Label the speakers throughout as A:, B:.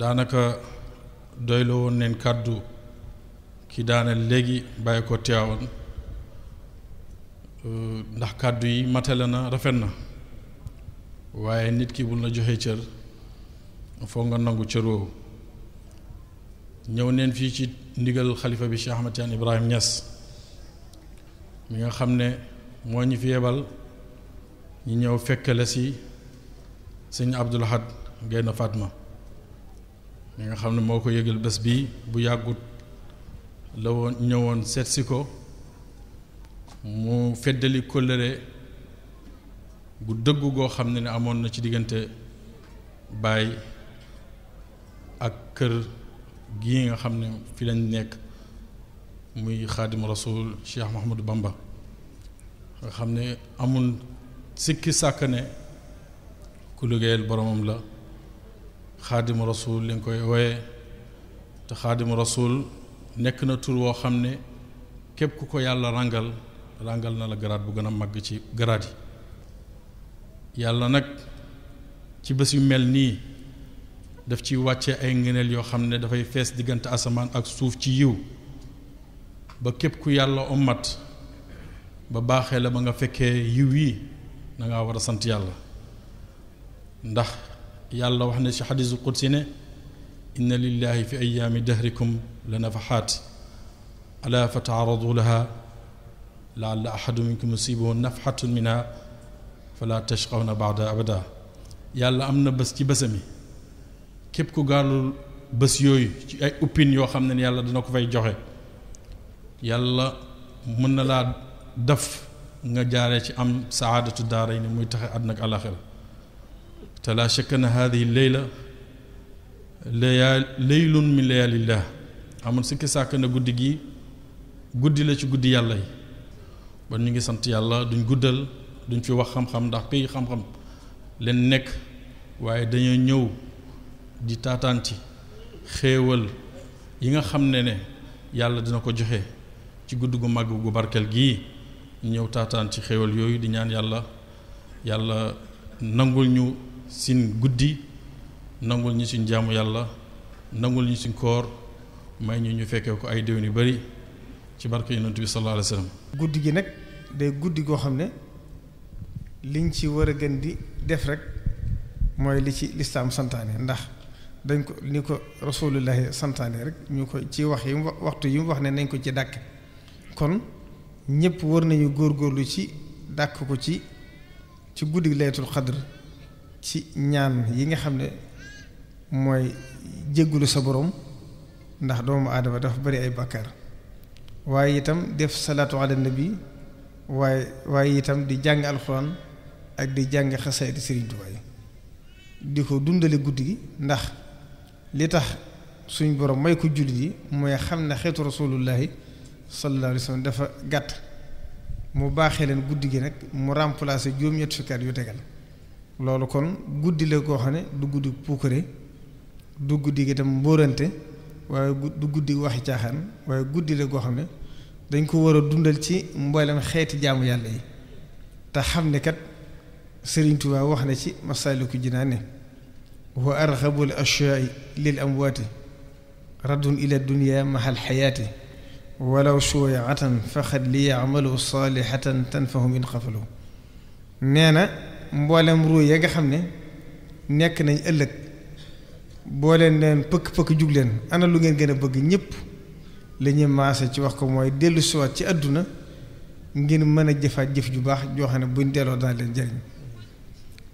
A: daanaka doyloo woon neen kàddu ki daana léegi bàyyi ko teewoon euh, ndax kàddu yi matale na rafet na waaye nit ki bul na joxe cër foog nga nangu cër woowu ñëw neen fii ci ndigal xalifa bi Cheikh Ahmad Tidiane Ibrahim Niass mi nga xam ne moo ñu fi yebal ñu ñëw fekkale si sëñ Abdul Ahad Gaynde Fatma mi nga xam ne moo ko yëgal bés bi bu yàggut la woon ñëwoon seetsi ko mu feddali kóllëre bu dëggu goo xam ne ne amoon na ci diggante baay ak kër gi nga xam ne fi lañ nekk muy xaadim rasul Cheikh Mouhamadou Bamba nga xam ne amul sikki sàkk ne ku liggéeyal boromam la xaadimu rasul li nga koy woye te xaadimu rasul nekk na tur woo xam ne képp ku ko yàlla ràngal ràngal na la garaat bu gën a màgg ci garaat yi yàlla nag ci bés yu mel nii daf ci wàcce ay ngëneel yoo xam ne dafay fees diggante asamaan ak suuf ci yiw ba képp ku yàlla ommat ba baaxee la ba nga fekkee yiw yi da war a sant yàlla ndax yàlla wax na ci xadiisu qudsi ne inna lillahi fi ayaami dahrikum la nafaxaat ala fa taaradu laha laalla ahadu minkum yusiibuhu nafxatun minha fala tashqawna baada abada yàlla am na bés ci bésami képp ku gaalul bés yooyu ci ay uppin yoo xam ne yàlla dina ko fay joxe yàlla mën na laa def nga jaare ci am saadatu daarayni muy taxe àddina ak te laa shakka na haadihi leyla leyaa leylun min layaalillah sikki sàkk na guddi gi guddi la ci guddi yàlla yi ba ñu ngi sant yàlla duñ guddal duñ fi wax xam-xam ndax pays xam-xam leen nekk waaye dañoo ñëw di taataan ci xéewal yi nga xam ne ne yàlla dina ko joxe ci gudd gu màgg gu barkeel gii ñëw taataan ci xéewal yooyu di ñaan yàlla yàlla nangul ñu sin guddi nangul ñu suñ jaamu yàlla nangul ñu suñ koor may ñu ñu fekkee ko ay déwén yu bari ci barke yonent bi sallallahu
B: guddi gi nag day guddi goo xam ne liñ ci war a gën di def rek mooy li ci lislaam santaane ndax dañ ko ni ko rasulullahi santaane rek ñu ko ci wax yi mu waxtu yi mu wax ne nañ ko ci dàkk kon ñëpp wër nañu góor góorlu ci dàkk ko ci ci guddi laytul xadr ci ñaan yi nga xam ne mooy jéggulu sa boroom ndax doomu aadama dafa bari ay bàkkaar waaye itam def salaatu ala bi waaye waaye itam di jàng alxuraan ak di jàng xasaay di Sëriñ Tuubaa di ko dundale guddi gi ndax li tax suñu borom may ko jullit yi mooy xam ne xeetu rasulullahi sallallahu alayhi wa sallam dafa gàtt mu baaxee leen guddi gi nag mu remplacer juróom-ñetti fukki yu tegal loolu kon guddi la ko xam ne du guddi puukare du guddi gi tam mbóorante waaye du guddi waxi caaxaan waaye guddi la koo xam ne dañ ko war a dundal ci mboolem xeeti jaamu yàlla yi te xam ne kat Sëriñ Tuubaa wax na ci Masaaliku Jinaan ne wa lii ashyaai lil amwaati raddun ila dunya mahal xayaati walaw shuyaatan faqad li yamalu saalihatan tanfahum in xafalu nee na mboolem ruu ya nga xam ne nekk nañ ëllëg boo leen leen pëkk-pëkk jug leen ana lu ngeen gën a bëgg ñëpp la ñuy maase ci wax ko mooy dellusiwaat ci àdduna ngir mën a jëfaat jëf ju baax joo xam ne buñ delloo daal leen jëriñ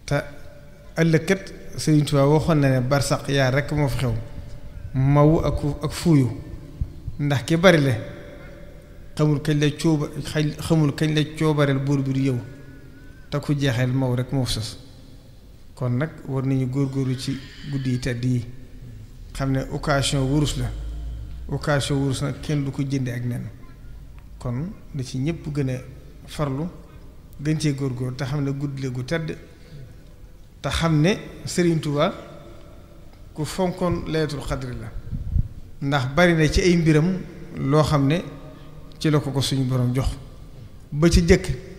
B: te ëllëg kat Sëriñ Tuubaa waxoon na ne barsaq yaa rekk moo fi xew maw ak ak fuuyu ndax ki bari le xamul kañ la kañ la coobareel buur bi du yow te ku jeexal moom rek moo sos kon nag war nañu góor góorgóorlu ci guddi yi tedd yi xam ne occasion wurus la occasion wurus na kenn du ko jënde ak nen kon da ci ñëpp gën a farlu gën cee góor te xam ne guddi la gu tedd te xam ne Serigne Touba ku fonkoon layatul xadri la ndax bari na ci ay mbiram loo xam ne ci la ko ko suñu boroom jox ba ci jëkk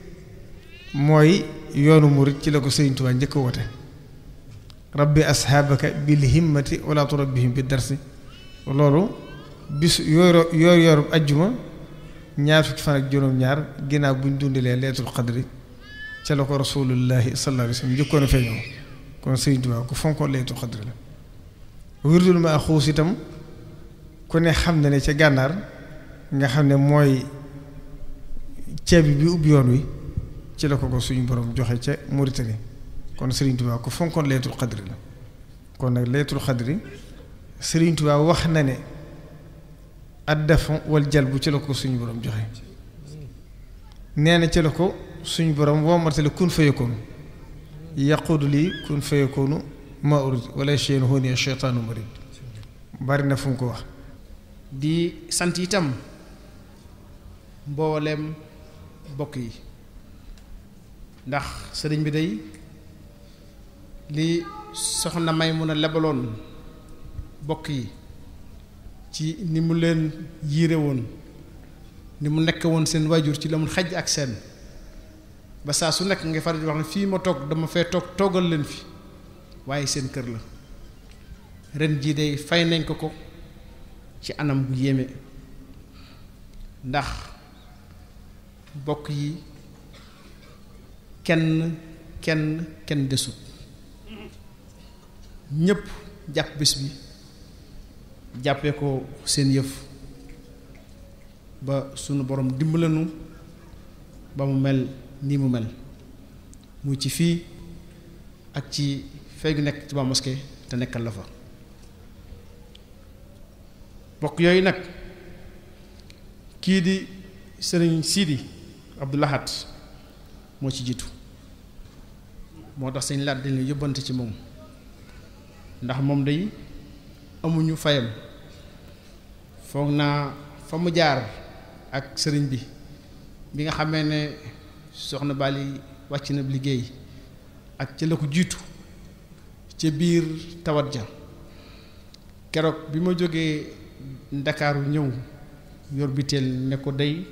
B: mooy yoonu murit ci la ko Sëriñ Tuubaa njëkk woote rabbi asxaabaka bil himmati wala turabbihim bi darsi loolu bis yoor yoor yoorub ajjuma ñaar fukki fan ak juróom-ñaar ginnaaw buñ dundilee leetul xadri ca la ko rasulullahi sallallahu alayhi wa sallam njëkkoon a feeñoo kon Sëriñ Tuubaa ku fonkoon leetul xadri la wirdul ma xuus itam ku ne xam na ne ca gànnaar nga xam ne mooy ceeb bi ubbi yoon wi ci la ko ko suñu borom joxe ca Mauritanie kon Serigne Touba ko fonkoon laytul xadri la kon nag laytul xadri Serigne wax na ne ad dafa wal jalbu ci la ko suñu borom joxe nee na ci la ko suñu borom woomatale kun fayakoon yaqudu lii kun fayakoonu ma urid wala shay'un huni shaytaanu marid na fu ko wax.
C: di sant itam mboolem bokk yi. ndax sëriñ bi day lii soxna may mun a lebaloon bokk yi ci ni mu leen yiire woon ni mu nekk woon seen waajur ci la mu xaj ak seen ba saa su nekk ngay faral di wax ne fii ma toog dama fee toog toogal leen fi waaye seen kër la ren jii day fay nañ ko ko ci anam bu yéeme ndax bokk yi kenn kenn kenn desut ñépp jàpp bis bi jàppee ko seen yëf ba sunu borom dimbalanu ba mu mel nii mu mel muy ci fii ak ci fay gu nekk Touba mosquée te nekkal la fa bokk yooyu nag kii di sëriñ Sidi Abdou Lahad moo ci jiitu moo tax sëñ laat dañ la yóbbante ci moom ndax moom day amuñu fayam foog naa fa mu jaar ak sëriñ bi bi nga xamee ne soxna Bali wàcc na liggéey ak ca la ko jiitu ca biir tawat ja keroog bi ma jógee ndakaaru ñëw yor biteel ne ko day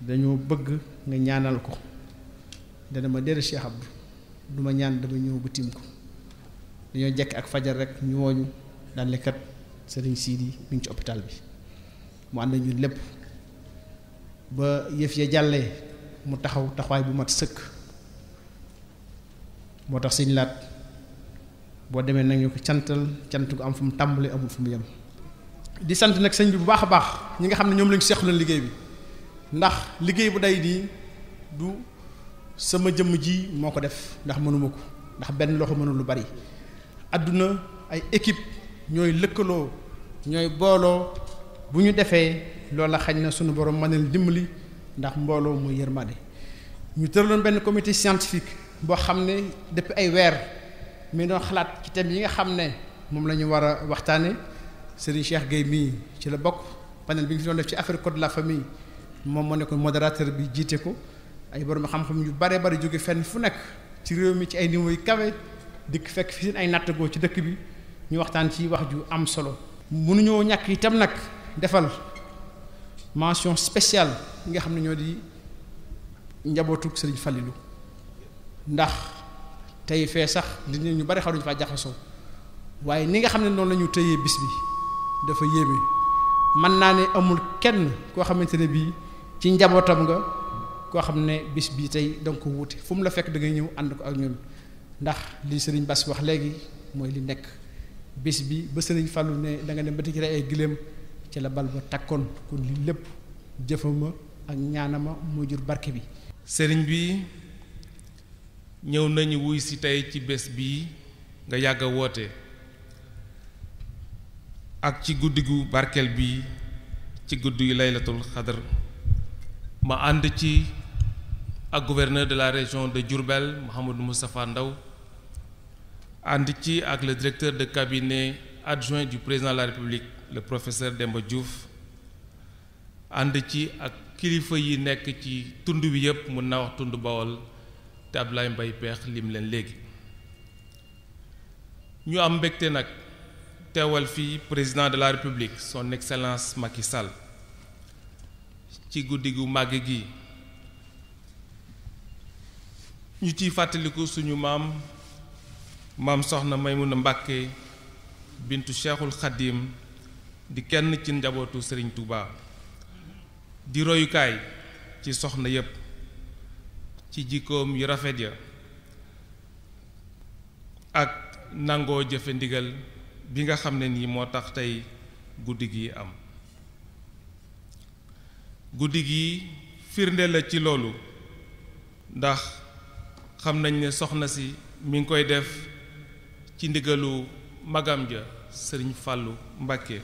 C: dañoo bëgg nga ñaanal ko dana ma dere Cheikh du ma ñaan dama ñëw ba tiim ko dañoo jekk ak fajar rek ñu wooñu daan lekkat sëriñ Sidi ci hôpital bi mu ànd ñun lépp ba yëf ya jàllee mu taxaw taxawaay bu mat sëkk moo tax sëñ laat boo demee nag ñu ko cantal cant gu am fu mu tàmbali amul fu mu yem di sant nag sëñ bi bu baax a baax ñi nga xam ne ñoom lañu seqaloon liggéey bi ndax liggéey bu day di du sama jëmm ji moo ko def ndax mënuma ko ndax benn loxo mënul lu bari àdduna ay équipe ñooy lëkkaloo ñooy booloo bu ñu defee loola xañ na sunu borom mënal dimbali ndax mbooloo muy yërmande ñu tëraloon benn commité scientifique boo xam ne depuis ay weer mi doon xalaat ci thème yi nga xam ne moom la ñu war a waxtaane Serigne Cheikh Gueye mii ci la bokk panel bi ñu fi doon def ci affaire code la famille moom moo ko modérateur bi jiite ko ay borom xam-xam yu bare bari jóge fenn fu nekk ci réew mi ci ay niveau yu kawe dikk fekk fii seen ay nattagoo ci dëkk bi ñu waxtaan ci wax ju am solo. mënuñoo ñàkk tam nag defal mention spéciale yi nga xam ne ñoo di njabootu Serigne Fallilou ndax tey fee sax nit ñu bari xaw nañu faa jaxasoo waaye ni nga xam ne noonu lañu ñu tëyee bis bi dafa yéeme mën naa ne amul kenn koo xamante ne bii ci njabootam nga. koo xam ne bis bii tey danga ko wuute fu mu la fekk dangay ñëw ànd ko ak ñun ndax li sëriñ Bass wax léegi mooy li nekk bis bi ba sëriñ Fàllu ne danga dem ba tëj ay gëléem ci la bal ba takkoon kon li lépp jëfama ak ñaanama moo jur barke bi
D: sëriñ bi ñëw nañu wuy si tey ci bés bi nga yàgg a woote ak ci guddi gu barkeel bi ci guddi yu laylatul xadar ma ànd ci ak gouverneur de la région de Diourbel Mouhamadou Moustapha Ndaw ànd ci ak le directeur de cabinet adjoint du président de la République le professeur Demba Diouf ànd ci ak kilifa yi nekk ci tund bi yëpp mun naa wax tund Bawol te Abdoulaye Peex lim leen léegi ñu am mbegte nag teewal fii président de la République son excellence Macky Sall ci guddi gu màgg gi ñu ciy fàttaliku suñu maam maam soxna Maymuna Mbàkke bintu Cheikhul Xadim di kenn ci njabootu sëriñ Touba di royukaay ci soxna yépp ci jikkoom yu rafet ya ak nangoo jëfe ndigal bi nga xam ne nii moo tax tey guddi gi am guddi gi firnde la ci loolu ndax xam nañ ne soxna si mi ngi koy def ci ndigalu magam ja sëriñ Fàllu Mbàkke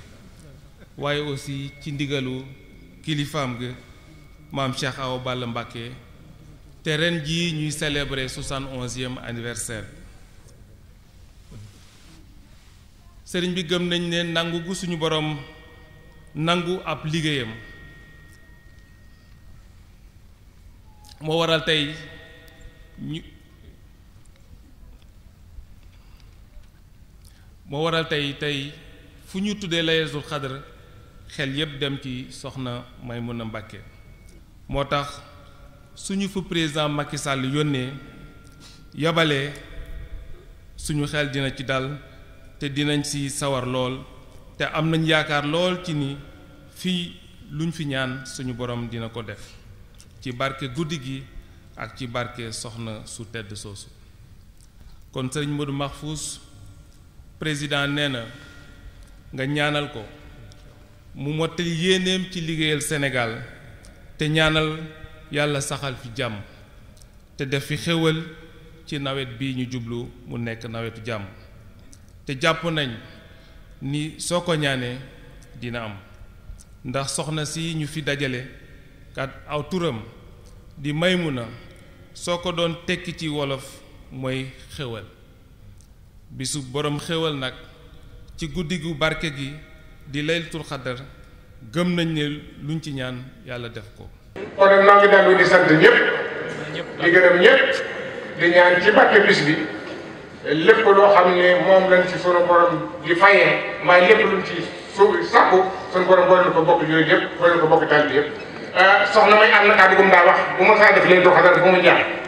D: waaye aussi ci ndigalu kilifaam gi maam Cheikh Awa Balla Mbàkke te ren ji ñuy célébrer soixante-onzième anniversaire sëriñ bi gëm nañ ne nangu gu suñu boroom nangu ab liggéeyam moo waral tey ñu moo waral tey tey fu ñu tuddee layatul xadr xel yépp dem ci soxna Maymuna Mbàkke moo tax suñu fu président Macky Sall yónnee yabalee suñu xel dina ci dal te dinañ si sawar lool te am nañ yaakaar lool ci ni fii luñ fi ñaan suñu borom dina ko def ci barke guddi gi ak ci barke soxna su tedd soosu kon sëriñ Modou Mahfous président nee na nga ñaanal ko mu mottali yéeneem ci liggéeyal Sénégal te ñaanal yàlla saxal fi jàmm te def fi xéwal ci nawet bi ñu jublu mu nekk nawetu jàmm te jàpp nañ ni soo ko ñaanee dina am ndax soxna si ñu fi dajale kat aw turam di na soo ko doon tekki ci wolof mooy xéwal bisu boroom xéwal nag ci guddi gu barke gi di laylatul xadar gëm nañ ne luñ ci ñaan yàlla def ko. kon
E: nag maa ngi dellu di sant ñëpp di gërëm ñëpp di ñaan ci barke bis bi lépp loo xam ne moom lañ ci sunu borom di fayee mbaa lépp luñ ci suuf sàkku sunu borom boole ko bokk jullit yëpp boole ko bokk taal bi ah, soxna may am na kàddu gu mu wax bu ma saa def laylatul xadar bu mu jaaxle.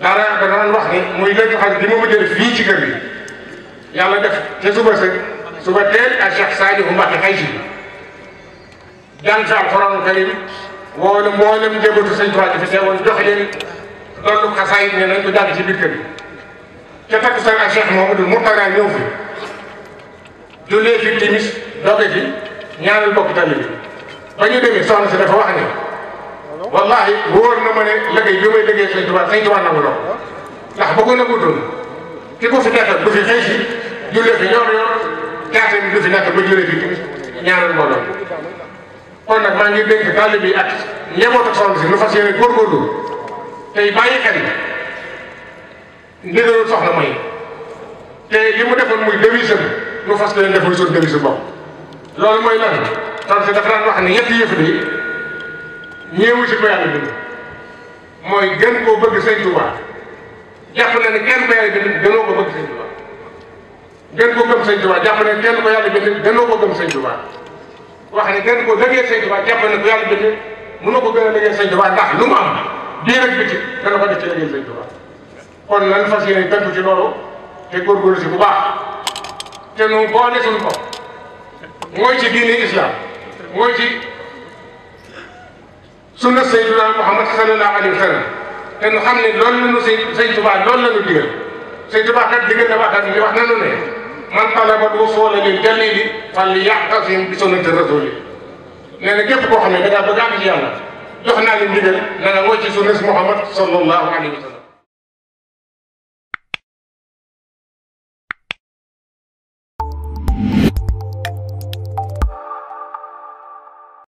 E: daanaka danañ wax ni muy léegi xaj bi ma mujjee fii ci kër gi yàlla def ce suba sa suba teel ak Cheikh Sadio Mbacke xay si jàng fi alxuraan karim woo la mboolem njabootu sëñ Tuubaa fi seewoon jox leen dollu xasaay ne nañ ko jàng ci biir kër gi ca takkusaan ak Cheikh Mouhamadou Mourtada ñëw fi jullee fi timis doge fi ñaanal bokk tamit ba ñu demee soxna si dafa wax ne wallahi wóor na ma ne liggéey bi may liggéey sëñ Tuubaa sëñ Tuubaa nangu la ndax ba ko nangutoon ki ko fi nekkal du fi xëy si jullee fi ñoom ñoom jaata bi du fi nekk ba jullee fi ñaanal mbooloo kon nag maa ngi dénk taalibe yi ak njaboot ak soxna si nu fas yéene góorgóorlu tey bàyyi xel ndigalul soxna mooy te li mu defoon muy devise am nu fas leen defal suñu devise bopp loolu mooy lan soxna si dafa daan wax ne ñetti yëf yi ñeewu si ko yàlla bind mooy gën koo bëgg sëñ Tuubaa jàpp na ne kenn ko yàlla bind gënoo ko bëgg sëñ Tuubaa gën ko gëm sëñ Tuubaa jàpp ne kenn ko yàlla bind gënoo ko gëm sëñ Tuubaa wax ne gën koo dëggee sëñ Tuubaa jàpp ne ko yàlla bind mënoo ko gën a dëggee sëñ Tuubaa ndax lu mu am biir biti dana ko def ci dëggee sëñ Tuubaa kon lan fas yéene tënku ci loolu te góorgóorlu si bu baax te nu boo desul ko mooy ci diine islam mooy ci sunna sayyidina Muhammad sallallahu alayhi wa sallam te ñu xam ne loolu la ñu sëy sëy Tuubaa loolu la ñu digal sëy Tuubaa kat digal na waxtaan bi wax na nu ne man talabal wusuula lil jaliili falya'tasim bi sunnati rasuuli nee na képp koo xam ne da ngaa bëgg a am ci yàlla
B: jox naa leen digal na nga woo ci sunnas Muhammad sallallahu alayhi wa sallam